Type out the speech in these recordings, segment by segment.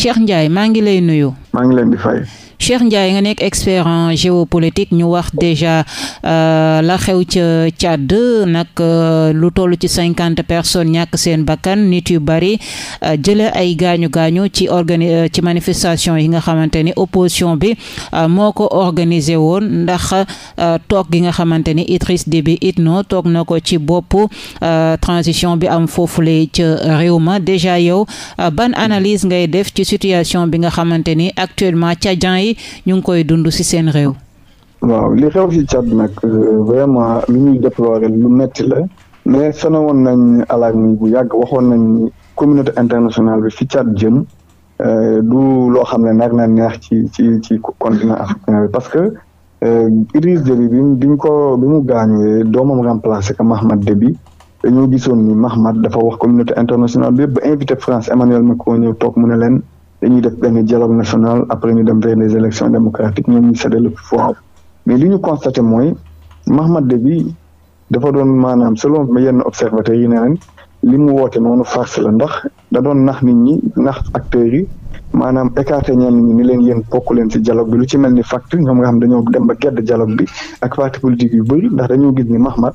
Cheikh Ndiaye maa ngi lay nuyu. maa ngi leen di fay. Cheikh Ndiaye nga nekk expert en géopolitique ñu wax déjà euh, la xew ca Tchad nag euh, lu toll ci cinquante personnes ñàkk seen bakkan nit yu bari euh, jële ay gaañu gaañu ci organi ci manifestation yi nga xamante ni opposition bi moo ko organisé woon ndax toog gi nga xamante ni Idriss Déby Itno toog na ko ci bopp transition bi am foofule ca réew ma déjà yow ban analyse ngay def ci situation bi nga xamante actuellement tchadiens yi ñu ngi koy dund si seen réew. waaw li xew ci Tchad nag euh, vraiment lu ñuy déplorer lu metti la mais sona woon nañ alarme bu yàgg waxoon nañ communauté internationale bi fi Tchad jëm euh, du loo xam ne nag na neex ci ci ci continent africain parce que euh, Idriss Déby bi biñ ko bi mu gaañuwee doomam remplacé ko Mahmad Déby dañoo gisoon ni Mahmad dafa wax communauté internationale bi yëpp ba invité France Emmanuel Macron ñëw toog mu ne leen dañuy def benn dialogue national après ñu dem vers des élections démocratiques ñoom ñu cédé le pouvoir mais li ñu constaté mooy Mahamat Déby dafa doon maanaam selon yenn observateurs yi ne leen li mu woote noonu farce la ndax da doon nax nit ñi nax acteurs yi maanaam écarté ñenn ñi ni leen yéen bokk leen ci dialogue bi lu ci mel ni fact ñoom nga xam dañoo dem ba gedd dialogue bi ak parti politique yu bëri ndax dañoo gis ni Mahamat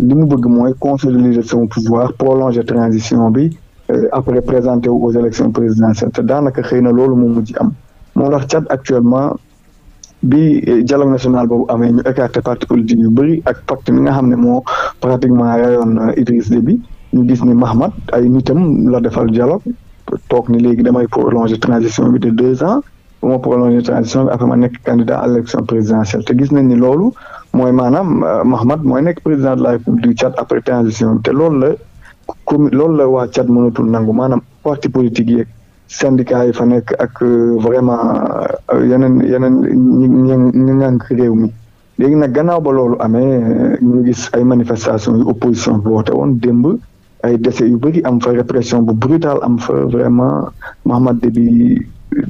li mu bëgg mooy consolider son pouvoir prolonger transition bi après présenté wu aux élections présidentielles te daanaka xëy na loolu moo mujj am moo tax Tchad actuellement bi eh, dialogue national boobu amee ñu écarté parti politique yu bëri ak pacte mi nga xam ne moo pratiquement rayoon eh, Idriss Déby ñu gis ni Mahmat ay nitam la defal dialogue toog ni léegi damay prolonger transition bi de deux ans bu ma prolonger nekk candidat à l'élection te gis nañ ni loolu mooy maanaam eh, Mahmat mooy nekk président de la République du te loolu la commune loolu la waa Tchad mënatul nangu maanaam parti politique yeeg syndicat yi fa nekk ak euh, vraiment euh, yeneen yeneen ñi ñànk réew mi léegi nag gannaaw ba loolu amee euh, ñu gis ay manifestation yu opposition bi woote woon démb ay décès yu bëri am fa répression bu brutale am fa vraiment Mohamed Déby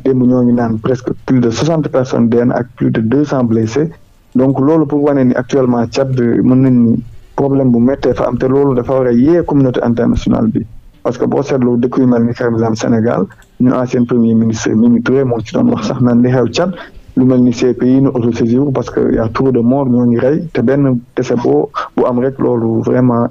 démb ñoo ngi naan presque plus de soixante personnes deen ak plus de deux cents blessés donc loolu pour wanee ni actuellement Tchad mën nañ ni problème bu méttee fa am te loolu dafa war a yee communauté internationale bi parce que boo seetloo dëkk yu mel ni par exemple Sénégal ñu ancien premier ministre Mimi Touré moo ci doon wax sax naan li xew Tchad lu mel ni ces pays ñu parce que y a de morts ñoo ngi te benn dese boo bu am rek loolu vraiment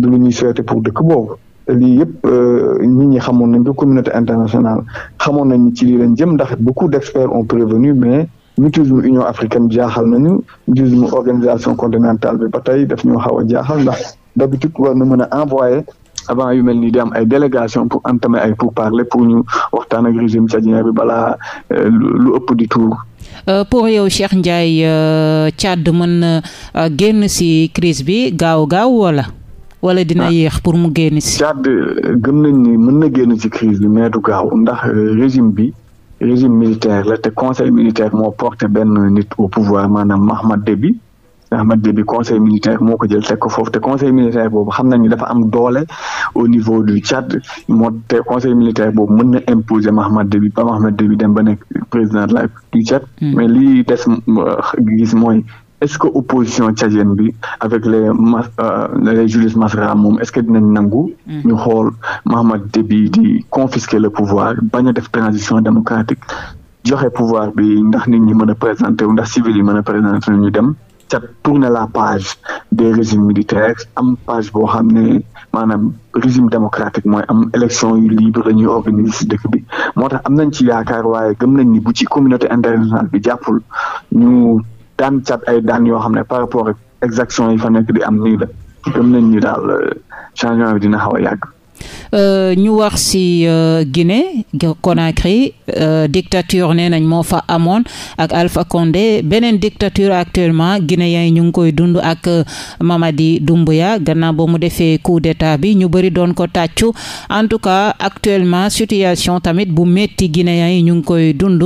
du lu ñuy souhaité pour dëkk boobu lii yëpp euh, nit ñi xamoon nañ ko communauté internationale xamoon nañ ci lii lañ jëm ndax beaucoup d' experts ont prévenu mais mutuisme Union africaine jaaxal nañu mutuisme organisation continentale bi ba tey daf ñu xaw a jaaxal ndax d'habitude war na mën a envoyé avant yu mel nii di am ay délégation pour entamer ay pourparlers pour ñu waxtaan ak régime tchadien bi balaa euh, lu ëpp di tuur. Euh, pour yow Cheikh Ndiaye euh, Tchad mën na génn ci crise bi gaaw gaaw wala. wala dina ah. yéex pour mu génn ci. Tchad gëm nañ ni mën na génn ci crise bi mais du gaaw ndax régime bi. régime militaire la te conseil militaire moo porté benn nit au pouvoir maanaam Mahamat Déby Mahamat Déby conseil militaire moo ko jël teg ko foofu te conseil militaire boobu xam nañ ni dafa am doole au niveau du Tchad moo te conseil militaire boobu mën na imposer Mahamat Déby ba Mahamat Déby dem ba nekk président de la du Tchad. Hmm. mais lii des euh, gis mooy est-ce que opposition tchadienne bi avec les mas euh, les Julius Masra moom est-ce que dinañ nangu. Mm. ñu xool Mahamat Déby di confisquer le pouvoir bañ a def transition démocratique joxe pouvoir bi ndax ni ñi mën a présenter wu ndax civil yi mën a présenter ñu dem. ca tourner la page des régimes militaires am page boo xam ne maanaam régime démocratique mooy am élection yu libre la ñuy organiser si dëkk bi moo tax am nañ ci yaakaar waaye gëm nañ ni bu ci communauté internationale bi jàppul ñu. daan cat ay daan yoo xam ne par rapport ak exaction yi fa nekk di am nii la gëm nañ ni daal euh, changement bi dina xaw a yàgg. Euh, ñu wax si euh, Guinée Conakry euh, dictature nee nañ moo fa amoon ak alfa Condé beneen dictature actuellement guinéen yi ñu ngi koy dund ak Mamadi Doumbouya gannaaw ba mu defee coup d'état bi ñu bëri doon ko tàccu en tout cas actuellement situation tamit bu metti guinéen yi ñu ngi koy dund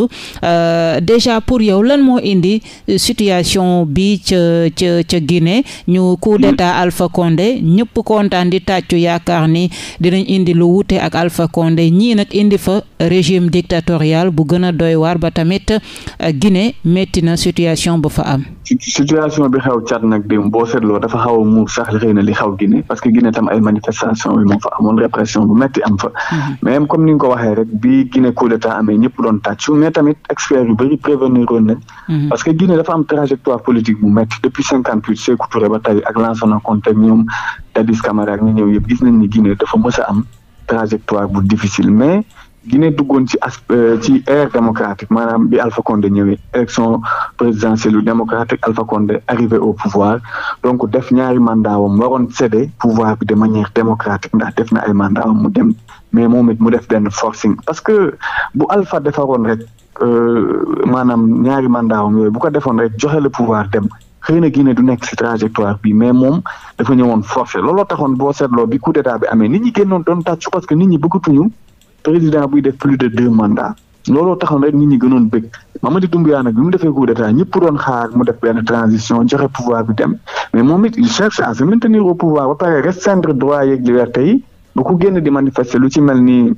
déjà pour yow lan moo indi situation bi ca ca ca Guinée ñu coup d'état Alpha Condé ñëpp kontaan di tàccu yaakaar ni dinañ indi lu wute ak Alpha Condé ñii nag indi fa régime dictatorial bu gën a doy waar ba tamit euh, Guinée métti na situation bu fa am. situation bi xew cat nag démb boo seetloo dafa xaw a muur sax li xëy na li xaw Guinée parce que Guinée tam ay manifestation yi moo fa amoon répression bu metti am fa. Mhm. même comme ni nga ko waxee rek bi Guinée coup d'état amee ñëpp doon tàccu mais tamit experts yu bëri prévenir woon nañ. Mhm. parce que Guinée dafa am trajectoire politique bu metti depuis Dadis Camara ak ñi ñëw yëpp gis nañ ni Guinée dafa mës a am trajectoire bu difficile mais Guinée duggoon ci as euh, ci ère maanaam bi Alpha Condé ñëwee élection présidentielle yu démocratique Alpha Condé arrivé au pouvoir donc def ñaari mandat wam waroon cédé pouvoir bi de manière démocratique ndax def na ay mandat wam mu dem mais moom it mu def benn forcing parce que bu Alpha defaroon rek euh, maanaam ñaari mandat wam yooyu bu ko defoon rek joxe le pouvoir dem xëy na Guinée du nekk ci trajectoire bi mais moom dafa ñëwoon forcé looloo taxoon boo seetloo bi coup d'état bi amee nit ñi génnoon doon tàccu parce que nit ñi bëggatuñu président buy def plus de deux mandats looloo taxoon rek nit ñi gënoon bëgg Mamadi Doumbouya nag bi mu defee coup d'état ñëpp on xaar mu def benn transition joxe pouvoir bi dem mais moom it il cherche à se pouvoir ba pare restreindre droit yeeg liberté yi ba ku génn di manifester lu ni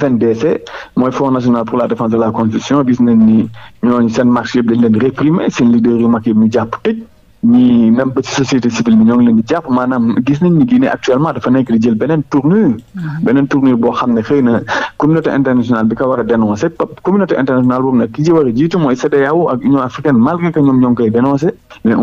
FNDC mooy Fonds national pour la défense de la constitution gis nañ ni ñooñu seen marche yëpp leen réprimer seen leader yu mag jàpp tëj ñi même ba société civile bi ñoo ngi jàpp maanaam gis nañ ni Guinée actuellement dafa nekk di jël beneen tournure mm-hmm. beneen tournure boo xam ne xëy na communauté internationale bi ko war a dénoncer communauté internationale boobu nag ki ci war a jiitu mooy CEDEAO ak Union africaine malgré que ñoom ñoo ngi dénoncer mais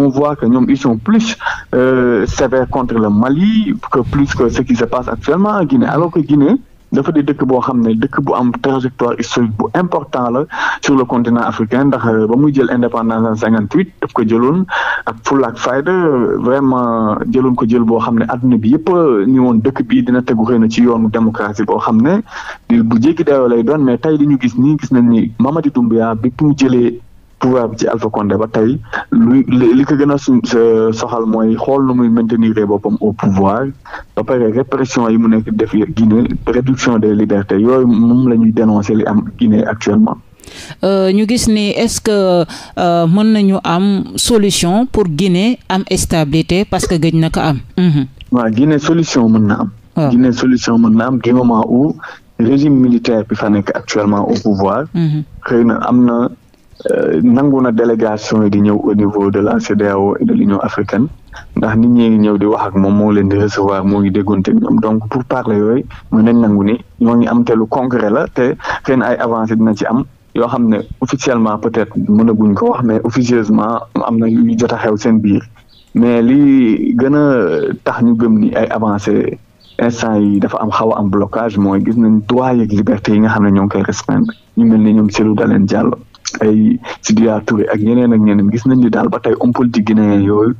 dafa di dëkk boo xam ne dëkk bu am trajectoire historique bu important la sur le continent africain dax euh, ba muy jël indépendance en cinquante huit daf ko jëloon ak fulla ak fayda euh, vraiment jëloon ko jël boo xam ne adduna bi yëpp ñu euh, woon dëkk bi dina tegu xëy na ci yoonu démocratie boo xam ne bu jéggi dayoo lay doon mais tey li ñu gis nii gis nañ ni Mamadi Doumbouya bi a bi mu jëlee pouvoir bi ci Alpha Condé ba tey lu li ko gën a soxal mooy xool nu muy maintenir boppam au pouvoir ba pare répression yi mu nekk def Guinée réduction des libertés yooyu moom la ñuy dénoncer li am Guinée actuellement. Euh, ñu euh, gis ni est-ce que euh, mën nañu am solution pour Guinée am stabilité parce que gëj na ko am. waaw Guinée solution mën na am. waaw Guinée régime militaire bi fa nekk actuellement au pouvoir. xëy na am na Euh, nangu na délégation yi di ñëw au niveau de la CEDEAO et de l'Union africaine ndax nit ñi ngi ñëw di wax ak moom moo leen di recevoir moo ngi déggoonte ñoom donc pour parler yooyu mën nañ nangu ni ñoo ngi am te lu la te xëy na ay avancées dina ci am yoo xam ne officiellement peut-être mënaguñ ko wax mais officieusement am na yu jot a xew seen biir mais li gën a tax ñu gëm ni ay avancées instant yi dafa am xaw a am blocage mooy gis nañ droit yeeg liberté yi nga xam ne ñoo ngi koy restreindre ñu mel ni ñoom Cellou Dalein Diallo ay Sidya Touré ak ñeneen ñeneen gis nañ ni daal ba tey homme politique guinéen yooyu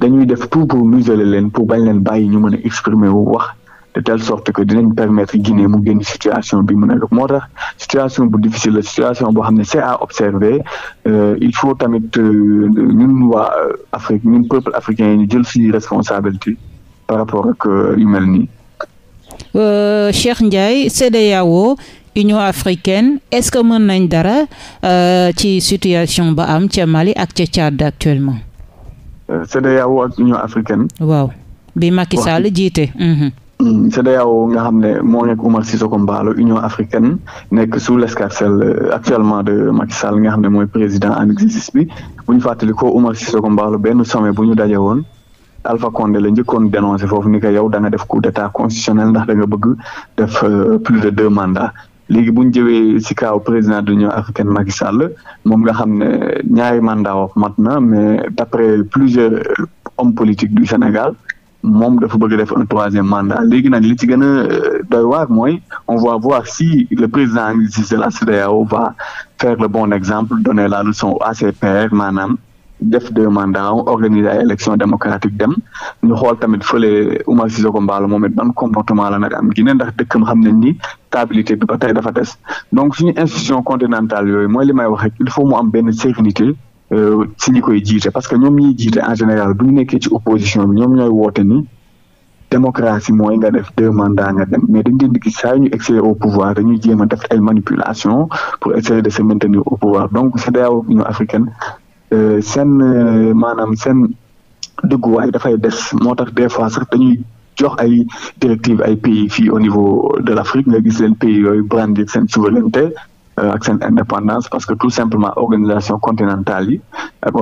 dañuy def tout pour museler leen pour bañ leen bàyyi ñu mën a exprimer wu wax de telle sorte que dinañ permettre Guinée mu génn situation bi mu nekk moo tax situation bu difficile la situation boo xam ne c'est à observer euh, il faut tamit euh, ñun waa Afrique ñun peuple africain yi ñu jël suñu responsabilité par rapport ak euh, yu mel nii. Cheikh Ndiaye CEDEAO Union africaine est-ce que mën nañ dara euh, ci situation ba am ca Mali ak ca Tchad actuellement. Euh, CEDEAO ak Union africaine. waaw bi Macky Sall jiite. Mhm. Mm, CEDEAO nga xam ne moo nekk Umar Sissoko Embaló Union africaine nekk sous l'escarcelle euh, actuellement de Macky Sall nga xam ne mooy président en exercice bi bu ñu fàttali ko Umar Sissoko Embaló benn sommet bu ñu daje woon Alpha Condé le njëkkoon dénoncé foofu ni que yow da def coup d'état constitutionnel ndax da bëgg def plus de deux mandats léegi bu ñu jëwee si kaw président de l'Union africaine Macky Sall moom la xam ne ñaari mandat wax mat na mais d'après plusieurs hommes politiques du Sénégal moom dafa bëgg def un troisième manda léegi nag li ci gën a euh, doy waar mooy on va voir si le président anglicisé de la CEDEAO va faire le bon exemple donner la leçon à ses pairs def deux mandats organiser ay élection démocratique dem ñu xool tamit fële Oumar Sissoko Mbalo moom it ban comportement la nag am Guinée ndax dëkkam xam nañ ni stabilité bi ba tey dafa des donc suñu institution continentale yooyu mooy li may wax rek il faut mu am benn sérénité si euh, ñi koy jiite parce que ñoom ñiy jiite en général bu ñu nekkee ci opposition bi ñoom ñooy woote ni démocratie mooy nga def deux mandats nga dem mais dañ leen di ñu accéder au pouvoir dañuy jéem a def ay manipulation pour de se maintenir au pouvoir donc CEDEAO Euh, seen euh, maanaam seen dëgguwaay dafay des moo tax des fois sax dañuy jox ay directives ay pays fii au niveau de l'Afrique nga gis leen pays yooyu brandir seen souveraineté euh, ak seen indépendance parce que tout simplement organisation continentale yi ak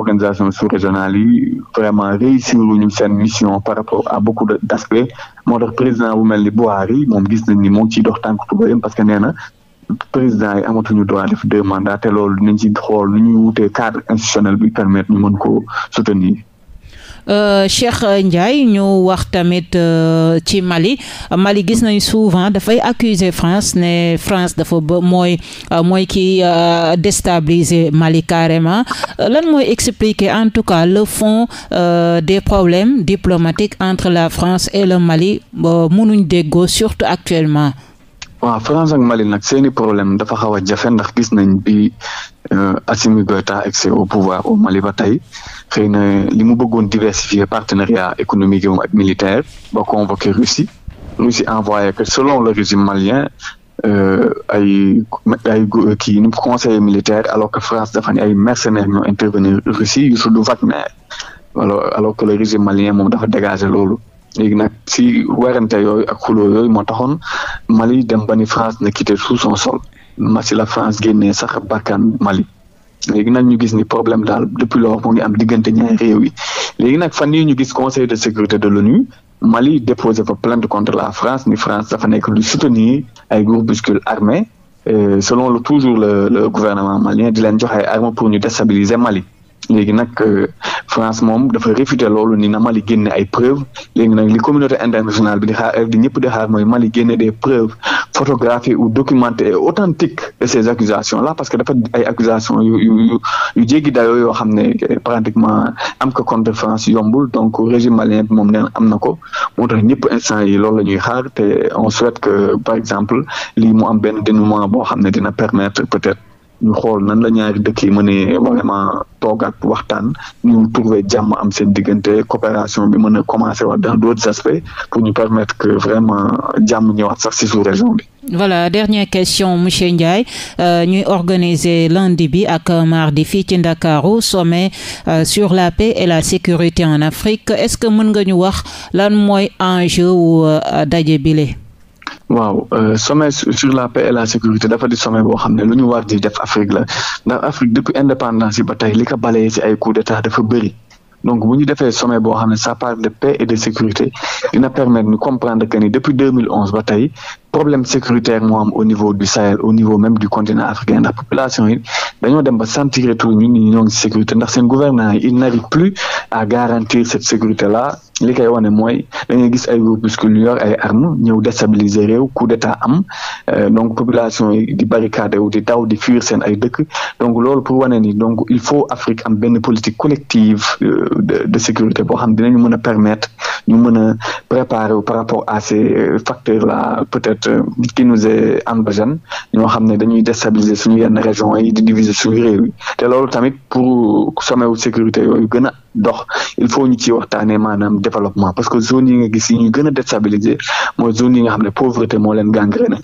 organisation sous-régionale yi vraiment réussir wuñu seen mission par rapport à beaucoup d'aspects moo tax président bu mel ni Buhari moom gis nañ ni moo ciy dox tànk tubayam parce que nee na président yi amatuñu droit def deux mandats te loolu nañ ci xool nu ñuy wutee cadre institutionnel bi permettre ñu mën ko soutenir. Euh, Cheikh Ndiaye ñu wax tamit euh, ci Mali Mali gis nañ souvent dafay accuser France ne France dafa ba mooy euh, mooy ki euh, déstabiliser Mali carrément euh, lan mooy expliquer en tout cas le fond euh, des problèmes diplomatiques entre la France et le Mali mënuñ déggoo surtout actuellement waaw France ak Mali nag seeni problème dafa xaw a jafe ndax gis nañ bi euh, Assimi Goïta o au pouvoir Mali ba tey xëy na li mu bëggoon diversifier partenariat économique yi ak militaire ba convoqué Russie Russie envoyé que selon le régime malien euh, ay ay kii nu conseiller militaire alors que France dafa ne ay mercenaires ñoo intervenir Russie yu tudd Wagner alors alors que le régime malien moom dafa dégager loolu léegi nag si werante yooyu ak xuloo yooyu moo taxoon Mali dem ba ni France ne quitter sous son sol ma si la France génnee sax bakkan Mali léegi nag ñu gis ni problème daal depuis lors mu am diggante ñaari réew yi léegi nag fan yii ñu gis conseil de sécurité de l'ONU Mali déposé fa plainte contre la France ni France dafa nekk du soutenir ay groupuscules armés euh, selon le toujours le le gouvernement malien di leen joxe ay armes pour ñu déstabiliser Mali. léegi nag euh, France moom dafa réfuté loolu ni na Mali génne ay preuves léegi nag li communauté internationale bi di xaar di ñëpp di xaar mooy Mali génne de preuves photographiées ou documentées et authentiques de ces accusations là parce que dafa ay accusations yu yu yu jéggi dayoo yoo xam ne euh, pratiquement am ka contre France yombul donc régime malien bi ne neen am na ko moo tax ñëpp instant yi loolu la ñuy xaar te on souhaite que par exemple lii mu am benn dénouement boo xam ne dina permettre peut ñu xool nan la ñaari dëkk yi mënee vraiment toog ak waxtaan ñu trouver jàmm am seen diggante coopération bi mën a commencer waat dans d'autres aspects pour ñu permettre que vraiment jàmm wax sax ci sous-région bi. voilà dernier question monsieur Ndiaye euh, ñuy euh, organiser lundi bi ak di fii ci Ndakaaru sommet euh, sur la paix et la sécurité en Afrique est-ce que mën nga ñu wax lan mooy enjeu wu euh, daje bile. waaw euh, sommet sur la paix et la sécurité dafa di sommet boo xam ne lu ñu war di def Afrique la ndax Afrique depuis indépendance yi ba tey li ko balee si ay coup d'état dafa bëri donc bu ñu defee sommet boo xam ne sa parle de paix et de sécurité dina permettre ñu comprendre que ni depuis ba tey problème sécuritaire moom am au niveau du Sahel au niveau même du continent africain ndax yi dañoo dem ba sentir tout ñun ñi ñoo sécurité ndax seen gouvernement i il n'arrive plus à garantir cette sécurité là li koy wane mooy da nga gis ay groupuscule yu yor ay armes ñëw déstabiliser réew coup d'état am euh, donc population yi di barricade wu di daw di fuir seen ay dëkk donc loolu pour wane nii donc il faut Afrique am benn politique collective euh, de de sécurité boo xam dinañu mën a permettre ñu mën a préparer par rapport à ces euh, facteurs la peut-être qui nous est endogène ñoo xam ne dañuy déstabiliser suñu yenn régions yi di diviser suñu réew te loolu tamit pour sommet wu sécurité yooyu gën a dox il faut ñu ciy waxtaanee maanaam développement parce que zone yi nga gis yi ñu gën a déstabiliser mooy zone yi nga xam ne pauvreté moo leen gangréné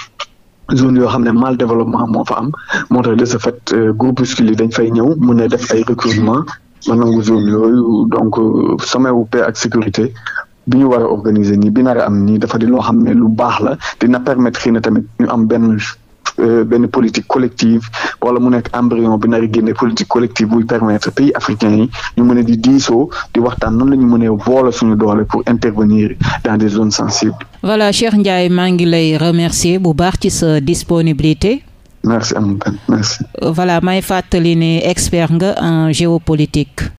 zone yoo xam ne mal développement moo fa am moo tax de ce fait euh, groupuscule yi dañ fay ñëw mun a def ay recrutement mën nangu zone yooyu donc euh, sommet wu paix ak sécurité bi ñu war organiser nii bi nar am nii dafa di loo xam ne lu baax la dina permettre xëy na tamit ñu am benn Euh, benn politique collective wala mu nekk embryon bi nar a génne politique collective buy permettre pays africains yi ñu mën a di diisoo di waxtaan noonu la ñu mënee voola suñu doole pour intervenir dans des zones sensibles. voilà Cheikh Ndiaye maa ngi lay remercier bu baax ci sa disponibilité. merci Amady merci. voilà may fàttali ne expert nga en géopolitique.